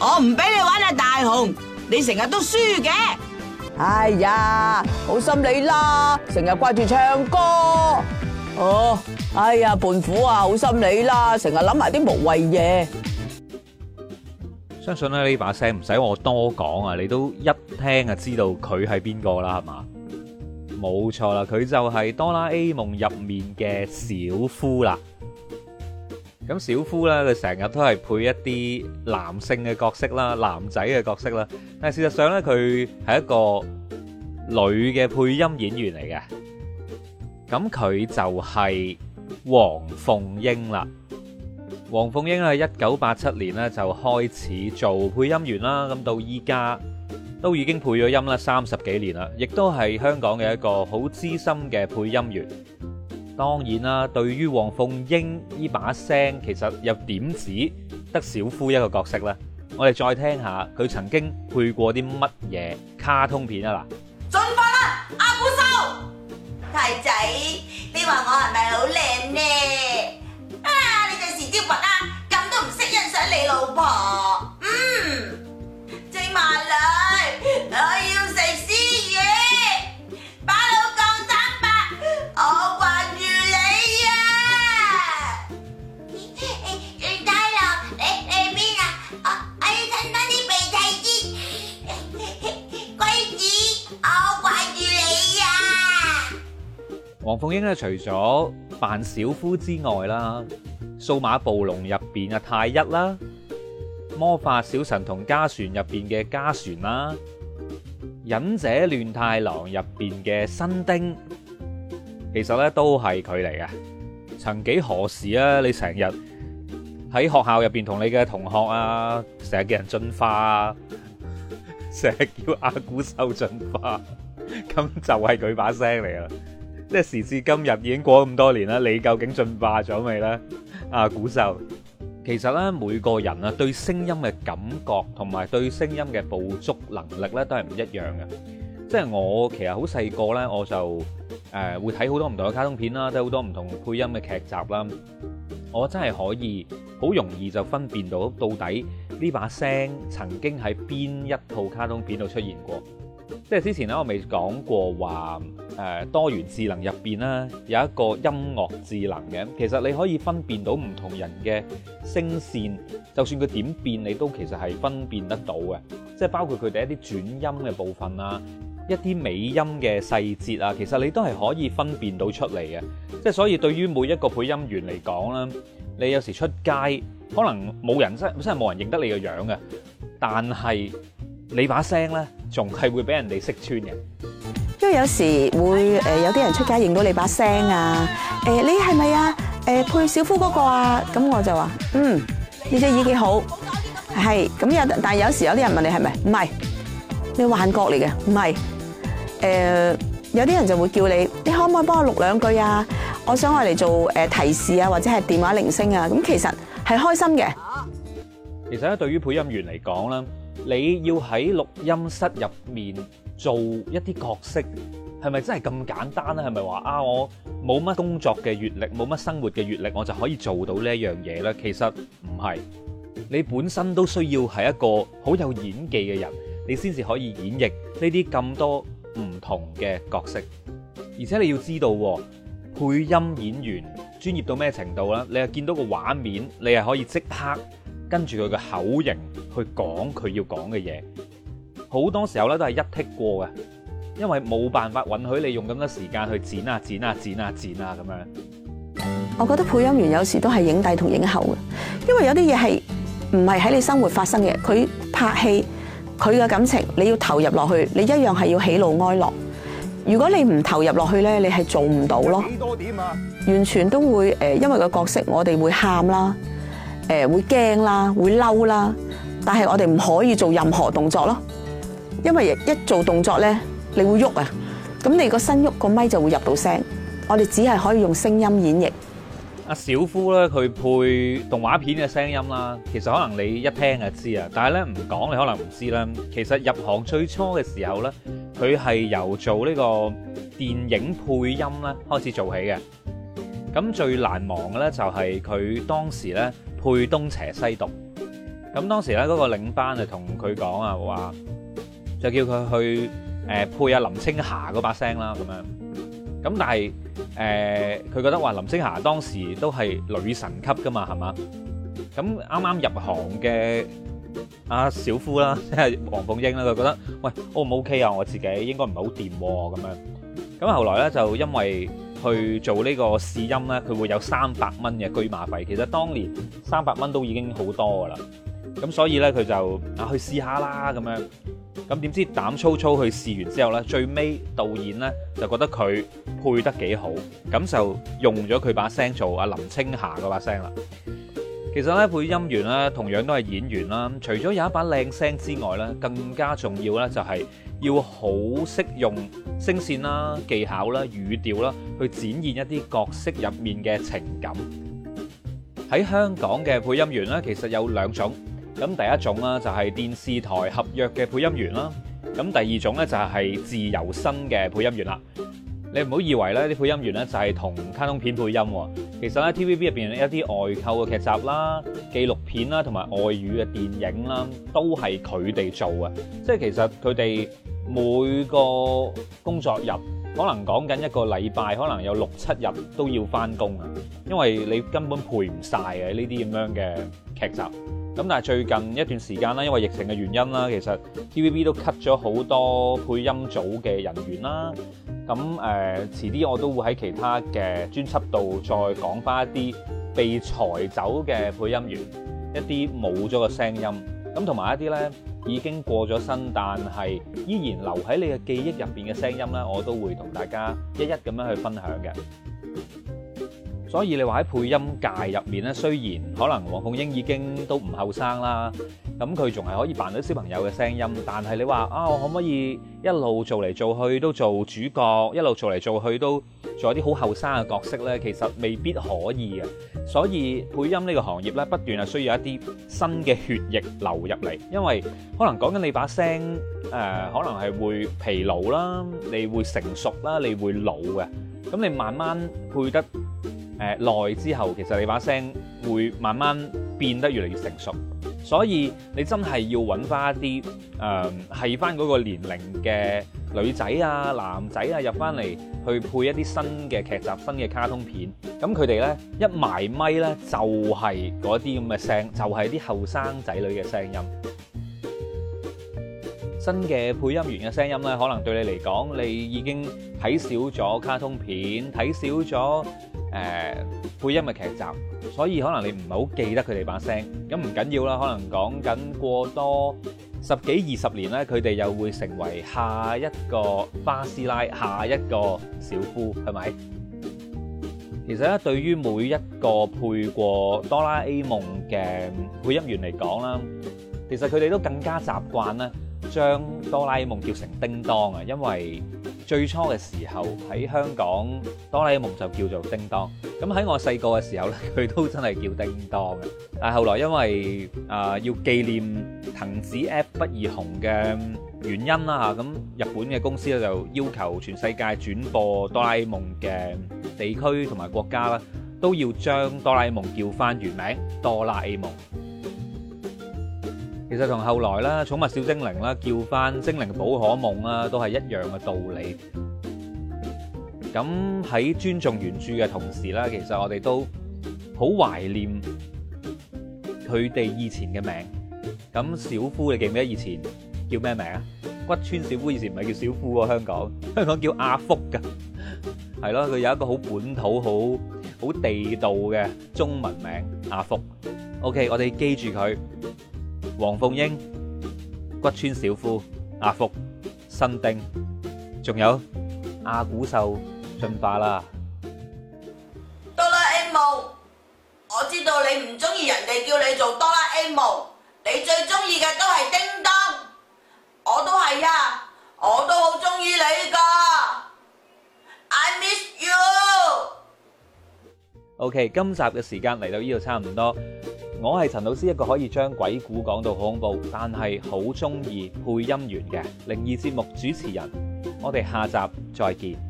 我唔俾你玩啦！大雄，你成日都輸嘅。哎呀，好心你啦，成日掛住唱歌。哦，哎呀，胖虎啊，好心你啦，成日諗埋啲無謂嘢。相信咧呢把聲唔使我多講啊，你都一聽就知道佢係邊個啦，係嘛？冇錯啦，佢就係哆啦 A 夢入面嘅小夫啦。咁小夫咧，佢成日都係配一啲男性嘅角色啦，男仔嘅角色啦。但係事實上呢，佢係一個女嘅配音演員嚟嘅。咁佢就係黃鳳英啦。黃鳳英喺一九八七年呢就開始做配音員啦。咁到依家都已經配咗音啦，三十幾年啦，亦都係香港嘅一個好資深嘅配音員。當然啦，對於黃鳳英呢把聲，其實又點止得小夫一個角色咧。我哋再聽下佢曾經配過啲乜嘢卡通片啊嗱。進化啦，阿姑蘇，太仔，你話我係咪好靚咧？啊，你最時刁蠻啦，咁都唔識欣賞你老婆。黃鳳英咧，除咗扮小夫之外啦，《數碼暴龍》入邊嘅太一啦，《魔法小神同家旋》入邊嘅家旋啦，《忍者亂太郎》入邊嘅新丁，其實咧都係佢嚟嘅。曾幾何時啊，你成日喺學校入邊同你嘅同學啊，成日叫人進化啊， 成日叫阿古獸進化，咁就係佢把聲嚟啦。即係時至今日已經過咁多年啦，你究竟進化咗未呢？啊，古秀，其實呢每個人啊對聲音嘅感覺同埋對聲音嘅捕捉能力呢都係唔一樣嘅。即係我其實好細個呢，我就誒、呃、會睇好多唔同嘅卡通片啦，即係睇好多唔同配音嘅劇集啦。我真係可以好容易就分辨到到底呢把聲曾經喺邊一套卡通片度出現過。即係之前呢，我未講過話。誒多元智能入邊啦，有一個音樂智能嘅，其實你可以分辨到唔同人嘅聲線，就算佢點變，你都其實係分辨得到嘅，即係包括佢哋一啲轉音嘅部分啊，一啲尾音嘅細節啊，其實你都係可以分辨到出嚟嘅，即係所以對於每一個配音員嚟講啦，你有時出街可能冇人真真係冇人認得你個樣嘅，但係你把聲呢，仲係會俾人哋識穿嘅。即有時會誒，有啲人出街認到你把聲啊！誒，你係咪啊？誒，配小夫嗰個啊？咁我就話：嗯，你隻耳機好係。咁有，但係有時有啲人問你係咪？唔係，你幻覺嚟嘅，唔係。誒，有啲人就會叫你：你可唔可以幫我錄兩句啊？我想我嚟做誒提示啊，或者係電話鈴聲啊。咁其實係開心嘅。其實對於配音員嚟講咧，你要喺錄音室入面。做一啲角色係咪真係咁簡單咧？係咪話啊，我冇乜工作嘅閱歷，冇乜生活嘅閱歷，我就可以做到呢一樣嘢咧？其實唔係，你本身都需要係一個好有演技嘅人，你先至可以演繹呢啲咁多唔同嘅角色。而且你要知道，配音演員專業到咩程度咧？你又見到個畫面，你係可以即刻跟住佢嘅口型去講佢要講嘅嘢。好多時候咧都係一剔過嘅，因為冇辦法允許你用咁多時間去剪啊、剪啊、剪啊、剪啊咁、啊、樣。我覺得配音員有時都係影帝同影后嘅，因為有啲嘢係唔係喺你生活發生嘅。佢拍戲，佢嘅感情你要投入落去，你一樣係要喜怒哀樂。如果你唔投入落去咧，你係做唔到咯。多點啊？完全都會誒、呃，因為個角色我哋會喊啦，誒、呃、會驚啦，會嬲啦，但係我哋唔可以做任何動作咯。因為一做動作咧，你會喐啊，咁你個身喐個咪就會入到聲。我哋只係可以用聲音演繹。阿小夫咧，佢配動畫片嘅聲音啦。其實可能你一聽就知啊，但係咧唔講你可能唔知啦。其實入行最初嘅時候咧，佢係由做呢個電影配音咧開始做起嘅。咁最難忘嘅咧就係佢當時咧配東邪西毒。咁當時咧嗰個領班啊同佢講啊話。就叫佢去誒配阿林青霞嗰把聲啦，咁樣咁，但係誒佢覺得話林青霞當時都係女神級噶嘛，係嘛？咁啱啱入行嘅阿小夫啦，即係黃鳳英啦，佢覺得喂 OK 唔 OK 啊？我自己應該唔係好掂咁樣。咁後來咧就因為去做呢個試音咧，佢會有三百蚊嘅居麻費。其實當年三百蚊都已經好多㗎啦。咁所以咧佢就啊去試下啦，咁樣。咁點知膽粗粗去試完之後呢，最尾導演呢就覺得佢配得幾好，咁就用咗佢把聲做阿林青霞嗰把聲啦。其實呢，配音員呢同樣都係演員啦，除咗有一把靚聲之外呢，更加重要呢就係要好識用聲線啦、技巧啦、語調啦，去展現一啲角色入面嘅情感。喺香港嘅配音員呢，其實有兩種。咁第一種啦，就係電視台合約嘅配音員啦。咁第二種咧，就係自由身嘅配音員啦。你唔好以為呢啲配音員呢就係同卡通片配音喎。其實呢，TVB 入邊一啲外購嘅劇集啦、紀錄片啦，同埋外語嘅電影啦，都係佢哋做嘅。即係其實佢哋每個工作日，可能講緊一個禮拜，可能有六七日都要翻工啊，因為你根本配唔晒嘅呢啲咁樣嘅劇集。咁但係最近一段時間啦，因為疫情嘅原因啦，其實 TVB 都 cut 咗好多配音組嘅人員啦。咁誒，遲啲我都會喺其他嘅專輯度再講翻一啲被裁走嘅配音員，一啲冇咗嘅聲音，咁同埋一啲呢已經過咗身，但係依然留喺你嘅記憶入邊嘅聲音呢，我都會同大家一一咁樣去分享嘅。所以你話喺配音界入面咧，雖然可能黃鳳英已經都唔後生啦，咁佢仲係可以扮到小朋友嘅聲音。但係你話啊，我可唔可以一路做嚟做去都做主角，一路做嚟做去都做一啲好後生嘅角色咧？其實未必可以嘅。所以配音呢個行業咧，不斷係需要一啲新嘅血液流入嚟，因為可能講緊你把聲誒，可能係會疲勞啦，你會成熟啦，你會老嘅。咁你慢慢配得。誒耐、呃、之後，其實你把聲會慢慢變得越嚟越成熟，所以你真係要揾翻一啲誒係翻嗰個年齡嘅女仔啊、男仔啊入翻嚟去配一啲新嘅劇集、新嘅卡通片，咁佢哋呢，一埋咪呢就係嗰啲咁嘅聲，就係啲後生仔女嘅聲音。新嘅配音員嘅聲音呢，可能對你嚟講，你已經睇少咗卡通片，睇少咗。誒配音嘅劇集，所以可能你唔係好記得佢哋把聲，咁唔緊要啦。可能講緊過多十幾二十年咧，佢哋又會成為下一個巴師奶，下一個小夫，係咪？其實咧，對於每一個配過哆啦 A 夢嘅配音員嚟講啦，其實佢哋都更加習慣咧，將哆啦 A 夢叫成叮當啊，因為。最初嘅時候喺香港，哆啦其實同後來啦，寵物小精靈啦，叫翻精靈寶可夢啦，都係一樣嘅道理。咁喺尊重原著嘅同時啦，其實我哋都好懷念佢哋以前嘅名。咁小夫，你記唔記得以前叫咩名啊？骨川小夫以前唔係叫小夫喎，香港香港叫阿福噶，係咯，佢有一個好本土、好好地道嘅中文名阿福。OK，我哋記住佢。黃鳳英、骨川小夫、阿福、新丁，仲有阿古獸進化啦。哆啦 A 夢，我知道你唔中意人哋叫你做哆啦 A 夢，你最中意嘅都係叮當。我都係呀，我都好中意你噶。I miss you。OK，今集嘅時間嚟到呢度差唔多。我係陳老師，一個可以將鬼故講到好恐怖，但係好中意配音員嘅靈異節目主持人。我哋下集再見。